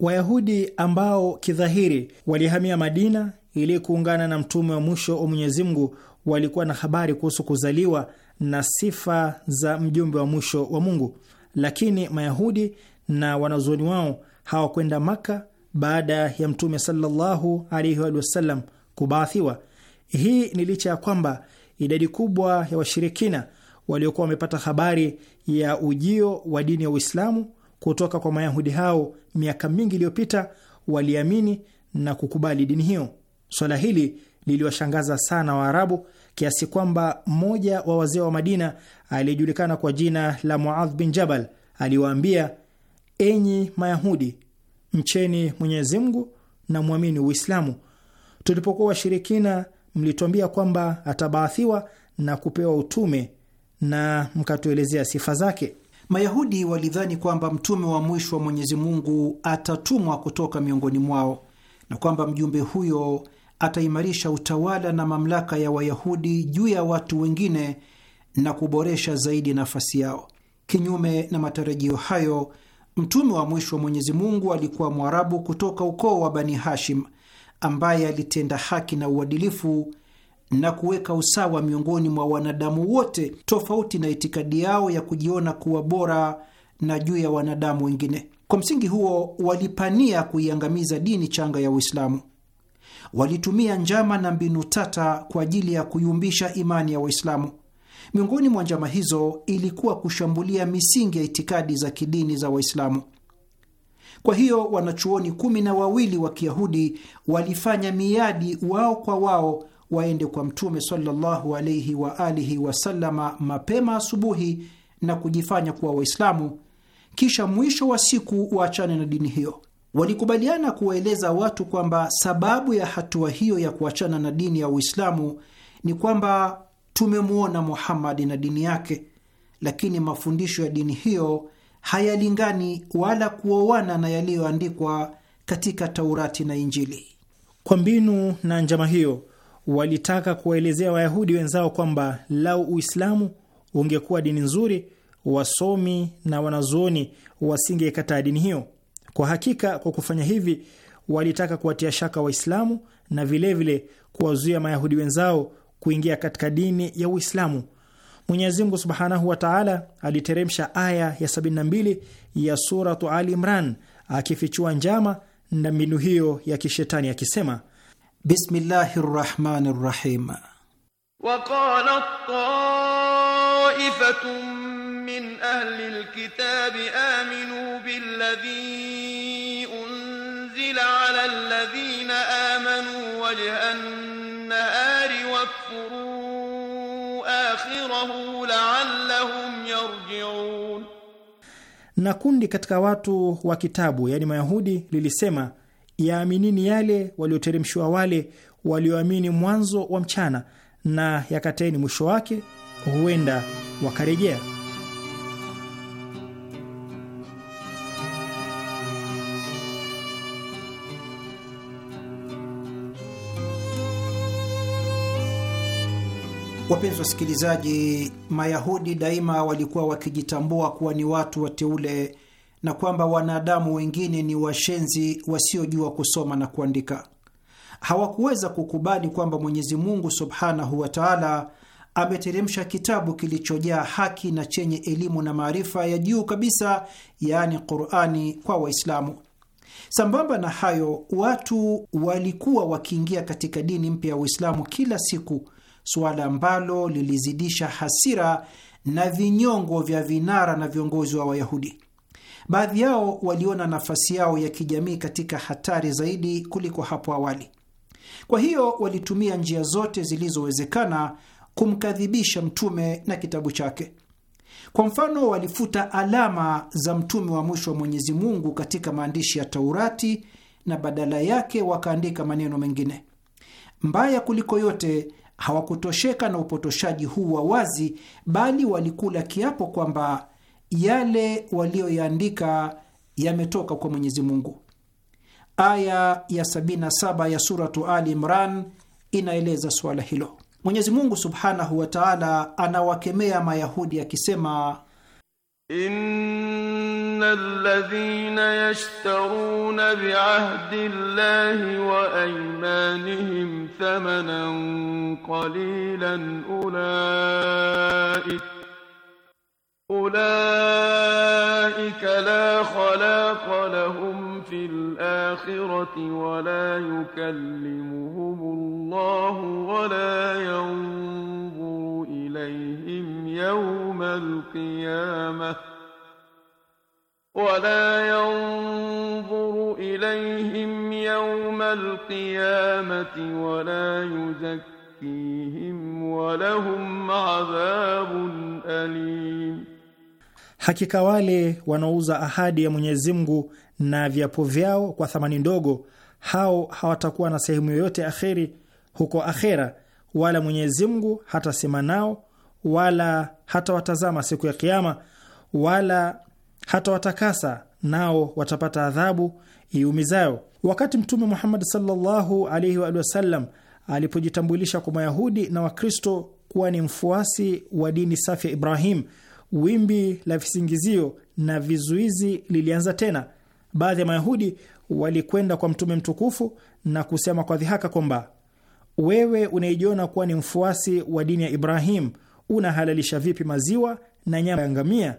Wayahudi ambao kidhahiri walihamia Madina ili kuungana na mtume wa mwisho wa Mwenyezi Mungu walikuwa na habari kuhusu kuzaliwa na sifa za mjumbe wa mwisho wa Mungu, lakini Mayahudi na wanazuoni wao hawakwenda Maka baada ya Mtume sallallahu alaihi wasallam kubaathiwa. Hii ni licha ya kwamba idadi kubwa ya washirikina waliokuwa wamepata habari ya ujio wa dini ya Uislamu kutoka kwa Mayahudi hao miaka mingi iliyopita waliamini na kukubali dini hiyo. Swala hili liliwashangaza sana Waarabu kiasi kwamba mmoja wa wazee wa Madina aliyejulikana kwa jina la Muadh bin Jabal aliwaambia, enyi Mayahudi, mcheni Mwenyezi Mungu na mwamini Uislamu. Tulipokuwa washirikina, mlituambia kwamba atabaathiwa na kupewa utume na mkatuelezea sifa zake. Mayahudi walidhani kwamba mtume wa mwisho wa Mwenyezi Mungu atatumwa kutoka miongoni mwao na kwamba mjumbe huyo ataimarisha utawala na mamlaka ya Wayahudi juu ya watu wengine na kuboresha zaidi nafasi yao. Kinyume na matarajio hayo Mtume wa mwisho wa Mwenyezi Mungu alikuwa Mwarabu kutoka ukoo wa Bani Hashim ambaye alitenda haki na uadilifu na kuweka usawa miongoni mwa wanadamu wote, tofauti na itikadi yao ya kujiona kuwa bora na juu ya wanadamu wengine. Kwa msingi huo, walipania kuiangamiza dini changa ya Uislamu. Walitumia njama na mbinu tata kwa ajili ya kuyumbisha imani ya Waislamu. Miongoni mwa njama hizo ilikuwa kushambulia misingi ya itikadi za kidini za Waislamu. Kwa hiyo wanachuoni kumi na wawili wa Kiyahudi walifanya miadi wao kwa wao waende kwa Mtume sallallahu alaihi wa alihi wasallama mapema asubuhi na kujifanya kuwa Waislamu, kisha mwisho wa siku waachane na dini hiyo. Walikubaliana kuwaeleza watu kwamba sababu ya hatua hiyo ya kuachana na dini ya Uislamu ni kwamba tumemwona Muhammadi na dini yake, lakini mafundisho ya dini hiyo hayalingani wala kuoana na yaliyoandikwa katika Taurati na Injili. Kwa mbinu na njama hiyo walitaka kuwaelezea Wayahudi wenzao kwamba lau Uislamu ungekuwa dini nzuri, wasomi na wanazuoni wasingeikataa dini hiyo. Kwa hakika, kwa kufanya hivi walitaka kuwatia shaka Waislamu na vilevile kuwazuia Mayahudi wenzao kuingia katika dini ya Uislamu. Mwenyezi Mungu subhanahu wa taala aliteremsha aya ya 72 ya Suratu Ali Imran akifichua njama na mbinu hiyo ya kishetani akisema: bismillahi rahmani rahim waqalat taifatun min ahli aminu billadhi unzila ala alladhina amanu laallahum yarjiun. Na kundi katika watu wa kitabu, yaani Mayahudi, lilisema yaaminini yale walioteremshiwa wale walioamini mwanzo wa mchana, na yakateni mwisho wake, huenda wakarejea. Wapenzi wasikilizaji, Mayahudi daima walikuwa wakijitambua kuwa ni watu wateule na kwamba wanadamu wengine ni washenzi wasiojua kusoma na kuandika. Hawakuweza kukubali kwamba Mwenyezi Mungu subhanahu wa taala ameteremsha kitabu kilichojaa haki na chenye elimu na maarifa ya juu kabisa, yaani Qurani kwa Waislamu. Sambamba na hayo, watu walikuwa wakiingia katika dini mpya ya Uislamu kila siku suala ambalo lilizidisha hasira na vinyongo vya vinara na viongozi wa Wayahudi. Baadhi yao waliona nafasi yao ya kijamii katika hatari zaidi kuliko hapo awali. Kwa hiyo walitumia njia zote zilizowezekana kumkadhibisha mtume na kitabu chake. Kwa mfano, walifuta alama za mtume wa mwisho wa Mwenyezi Mungu katika maandishi ya Taurati na badala yake wakaandika maneno mengine. Mbaya kuliko yote, hawakutosheka na upotoshaji huu wa wazi, bali walikula kiapo kwamba yale waliyoyaandika yametoka kwa Mwenyezi Mungu. Aya ya 77 ya Suratu Ali Imran inaeleza suala hilo. Mwenyezi Mungu subhanahu wa taala anawakemea Mayahudi akisema إن الذين يشترون بعهد الله وأيمانهم ثمنا قليلا أولئك أولئك لا خلاق لهم في الآخرة ولا يكلمهم الله ولا ينظر إليهم يوم القيامة ولا ينظر إليهم يوم القيامة ولا يزكيهم ولهم عذاب أليم Hakika wale wanaouza ahadi ya Mwenyezi Mungu na viapo vyao kwa thamani ndogo, hao hawatakuwa na sehemu yoyote akheri huko akhera, wala Mwenyezi Mungu hatasema nao wala hatawatazama siku ya Kiama wala hatawatakasa, nao watapata adhabu iumizayo. Wakati Mtume Muhammad sallallahu alaihi wa alipojitambulisha kwa Mayahudi na Wakristo kuwa ni mfuasi wa dini safi ya Ibrahim wimbi la visingizio na vizuizi lilianza tena. Baadhi ya Mayahudi walikwenda kwa Mtume mtukufu na kusema kwa dhihaka kwamba wewe unaijiona kuwa ni mfuasi wa dini ya Ibrahim, unahalalisha vipi maziwa na nyama ya ngamia?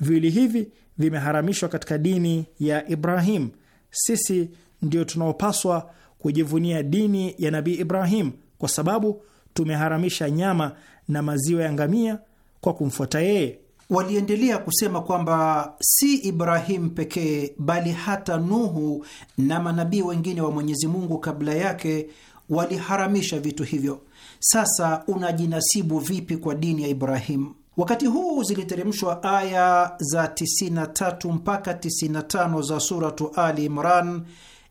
Viwili hivi vimeharamishwa katika dini ya Ibrahim. Sisi ndio tunaopaswa kujivunia dini ya Nabii Ibrahim kwa sababu tumeharamisha nyama na maziwa ya ngamia kwa kumfuata yeye. Waliendelea kusema kwamba si Ibrahimu pekee bali hata Nuhu na manabii wengine wa Mwenyezi Mungu kabla yake waliharamisha vitu hivyo. Sasa unajinasibu vipi kwa dini ya Ibrahimu? Wakati huu ziliteremshwa aya za 93 mpaka 95 za Suratu Ali Imran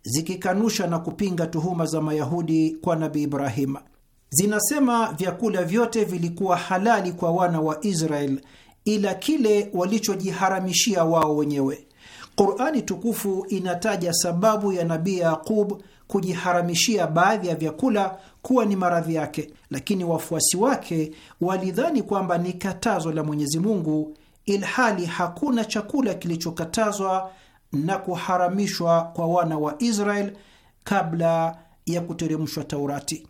zikikanusha na kupinga tuhuma za Mayahudi kwa nabi Ibrahima. Zinasema vyakula vyote vilikuwa halali kwa wana wa Israel ila kile walichojiharamishia wao wenyewe. Qurani tukufu inataja sababu ya Nabii Yaqub kujiharamishia baadhi ya vyakula kuwa ni maradhi yake, lakini wafuasi wake walidhani kwamba ni katazo la Mwenyezi Mungu, ilhali hakuna chakula kilichokatazwa na kuharamishwa kwa wana wa Israel kabla ya kuteremshwa Taurati.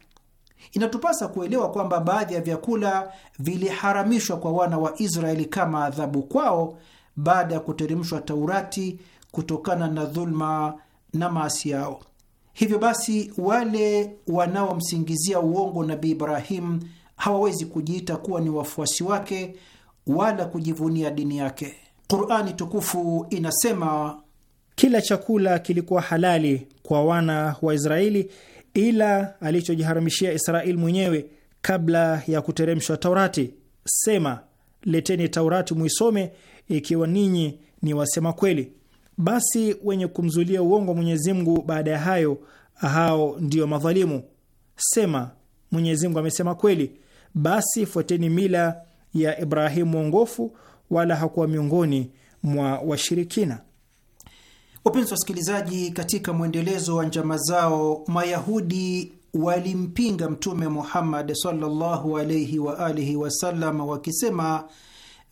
Inatupasa kuelewa kwamba baadhi ya vyakula viliharamishwa kwa wana wa Israeli kama adhabu kwao baada ya kuteremshwa Taurati kutokana na dhuluma na maasi yao. Hivyo basi, wale wanaomsingizia uongo Nabii Ibrahimu hawawezi kujiita kuwa ni wafuasi wake wala kujivunia dini yake. Qurani tukufu inasema, kila chakula kilikuwa halali kwa wana wa Israeli ila alichojiharamishia israel mwenyewe kabla ya kuteremshwa Taurati. Sema, leteni Taurati mwisome ikiwa ninyi ni wasema kweli. Basi wenye kumzulia uongo Mwenyezi Mungu baada ya hayo, hao ndio madhalimu. Sema, Mwenyezi Mungu amesema kweli, basi fuateni mila ya Ibrahimu mwongofu, wala hakuwa miongoni mwa washirikina. Wapenzi wasikilizaji, katika mwendelezo wa njama zao, Mayahudi walimpinga Mtume Muhammad sallallahu alaihi wa alihi wasallam wakisema,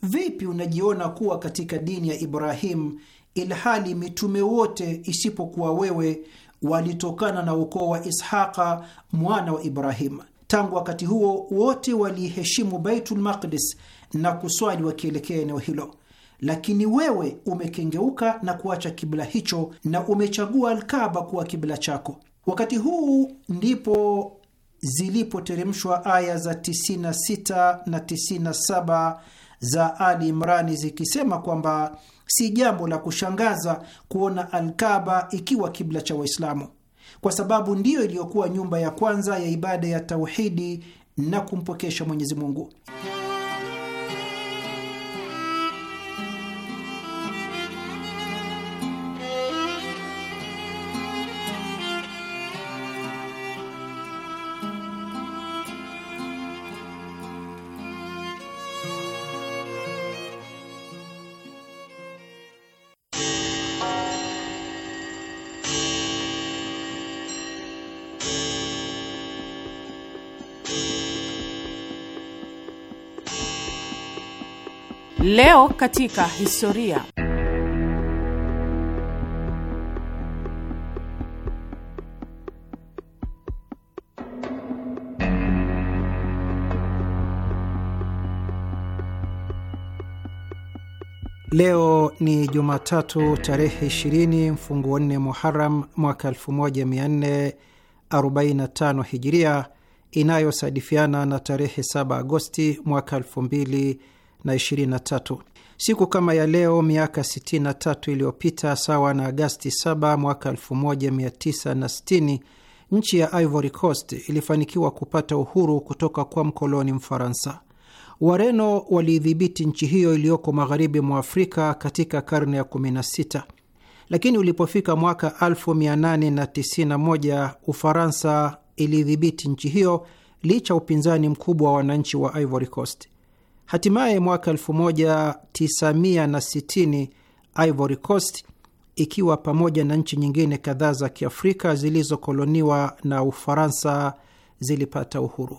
vipi unajiona kuwa katika dini ya Ibrahim ilhali mitume wote isipokuwa wewe walitokana na ukoo wa Ishaqa mwana wa Ibrahim. Tangu wakati huo wote waliheshimu Baitul Maqdis na kuswali wakielekea eneo hilo lakini wewe umekengeuka na kuacha kibla hicho na umechagua Alkaba kuwa kibla chako. Wakati huu ndipo zilipoteremshwa aya za 96 na 97 za Ali Imrani zikisema kwamba si jambo la kushangaza kuona Alkaba ikiwa kibla cha Waislamu kwa sababu ndiyo iliyokuwa nyumba ya kwanza ya ibada ya tauhidi na kumpokesha Mwenyezi Mungu. Leo katika historia. Leo ni Jumatatu tarehe 20 mfunguo nne Muharam mwaka 1445 Hijiria, inayosadifiana na tarehe 7 Agosti mwaka na 23. Siku kama ya leo miaka 63 iliyopita, sawa na Agasti 7 mwaka 1960, nchi ya Ivory Coast ilifanikiwa kupata uhuru kutoka kwa mkoloni Mfaransa. Wareno waliidhibiti nchi hiyo iliyoko magharibi mwa Afrika katika karne ya 16, lakini ulipofika mwaka 1891 Ufaransa ilidhibiti nchi hiyo licha upinzani mkubwa wa wananchi wa Ivory Coast. Hatimaye mwaka 1960 Ivory Coast ikiwa pamoja na nchi nyingine kadhaa za Kiafrika zilizokoloniwa na Ufaransa zilipata uhuru.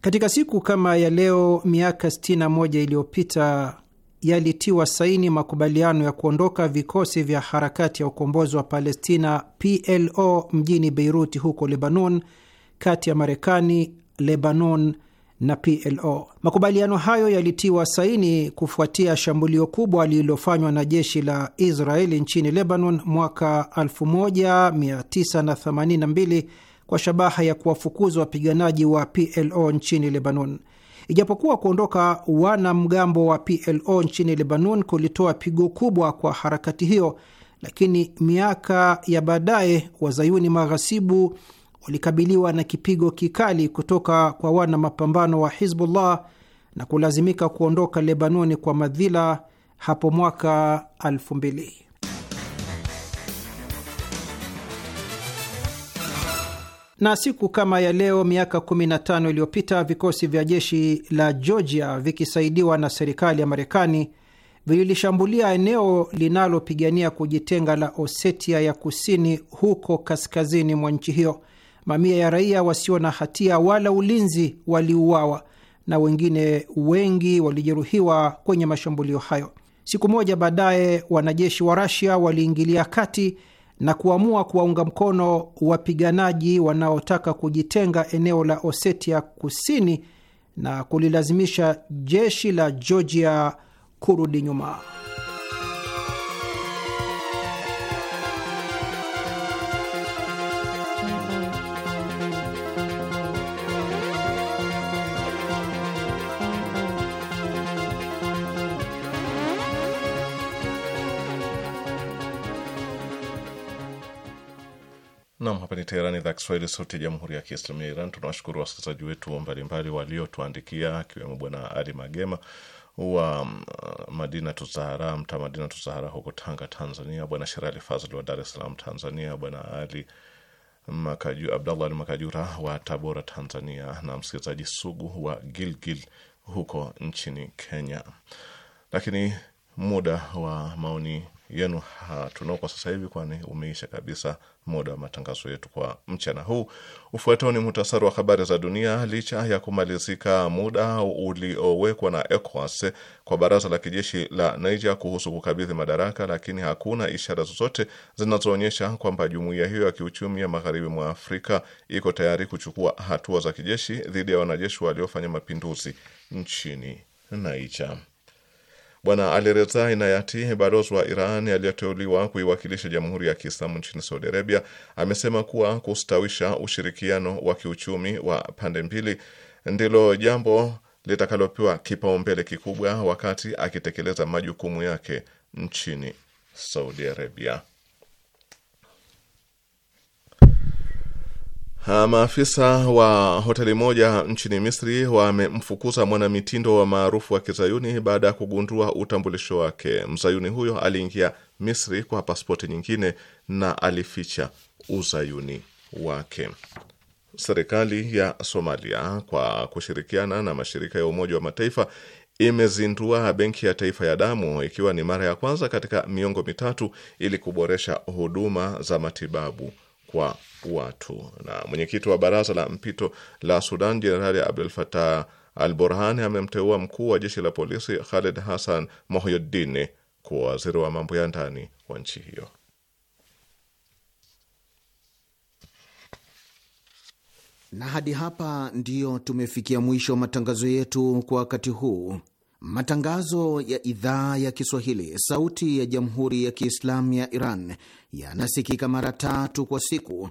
Katika siku kama ya leo miaka 61 iliyopita yalitiwa saini makubaliano ya kuondoka vikosi vya harakati ya ukombozi wa Palestina PLO mjini Beiruti huko Lebanon kati ya Marekani, Lebanon na PLO. Makubaliano hayo yalitiwa saini kufuatia shambulio kubwa lililofanywa na jeshi la Israeli nchini Lebanon mwaka 1982 kwa shabaha ya kuwafukuza wapiganaji wa PLO nchini Lebanon. Ijapokuwa kuondoka wanamgambo wa PLO nchini Lebanon kulitoa pigo kubwa kwa harakati hiyo, lakini miaka ya baadaye wazayuni maghasibu walikabiliwa na kipigo kikali kutoka kwa wana mapambano wa Hizbullah na kulazimika kuondoka Lebanoni kwa madhila hapo mwaka 2000. Na siku kama ya leo miaka 15 iliyopita vikosi vya jeshi la Georgia vikisaidiwa na serikali ya Marekani vilishambulia eneo linalopigania kujitenga la Osetia ya Kusini huko kaskazini mwa nchi hiyo. Mamia ya raia wasio na hatia wala ulinzi waliuawa na wengine wengi walijeruhiwa kwenye mashambulio hayo. Siku moja baadaye, wanajeshi wa Rasia waliingilia kati na kuamua kuwaunga mkono wapiganaji wanaotaka kujitenga eneo la Osetia Kusini na kulilazimisha jeshi la Georgia kurudi nyuma. Nam, hapa ni Teherani, idhaa Kiswahili, sauti ya jamhuri ya kiislamu ya Iran. Tunawashukuru wasikilizaji wetu mbalimbali waliotuandikia, akiwemo bwana Ali Magema wa uh, Madina Tuzahara, mta Madina Tuzahara huko Tanga, Tanzania, bwana Sherali Fazl wa Dar es Salaam, Tanzania, bwana Ali Makaju, Abdallah Ali Makajura wa Tabora, Tanzania, na msikilizaji sugu wa Gilgil huko nchini Kenya. Lakini muda wa maoni yenu hatunao kwa sasa hivi, kwani umeisha kabisa muda wa matangazo yetu kwa mchana huu. Ufuatao ni muhtasari wa habari za dunia. Licha ya kumalizika muda uliowekwa na ECOWAS kwa baraza la kijeshi la Niger kuhusu kukabidhi madaraka, lakini hakuna ishara zozote zinazoonyesha kwamba jumuiya hiyo ya kiuchumi ya magharibi mwa Afrika iko tayari kuchukua hatua za kijeshi dhidi ya wanajeshi waliofanya mapinduzi nchini Niger. Bwana Ali Reza Inayati, balozi wa Iran aliyeteuliwa kuiwakilisha Jamhuri ya Kiislamu nchini Saudi Arabia, amesema kuwa kustawisha ushirikiano wa kiuchumi wa pande mbili ndilo jambo litakalopewa kipaumbele kikubwa wakati akitekeleza majukumu yake nchini Saudi Arabia. Maafisa wa hoteli moja nchini Misri wamemfukuza mwanamitindo wa maarufu wa kizayuni baada ya kugundua utambulisho wake. Mzayuni huyo aliingia Misri kwa paspoti nyingine na alificha uzayuni wake. Serikali ya Somalia kwa kushirikiana na mashirika ya Umoja wa Mataifa imezindua benki ya taifa ya damu ikiwa ni mara ya kwanza katika miongo mitatu ili kuboresha huduma za matibabu kwa watu. Na mwenyekiti wa baraza la mpito la Sudan, Jenerali Abdul Fatah Al Burhan amemteua mkuu wa jeshi la polisi Khaled Hassan Mohyuddin kuwa waziri wa mambo ya ndani wa nchi hiyo. Na hadi hapa ndiyo tumefikia mwisho wa matangazo yetu kwa wakati huu. Matangazo ya idhaa ya Kiswahili, sauti ya jamhuri ya kiislamu ya Iran yanasikika mara tatu kwa siku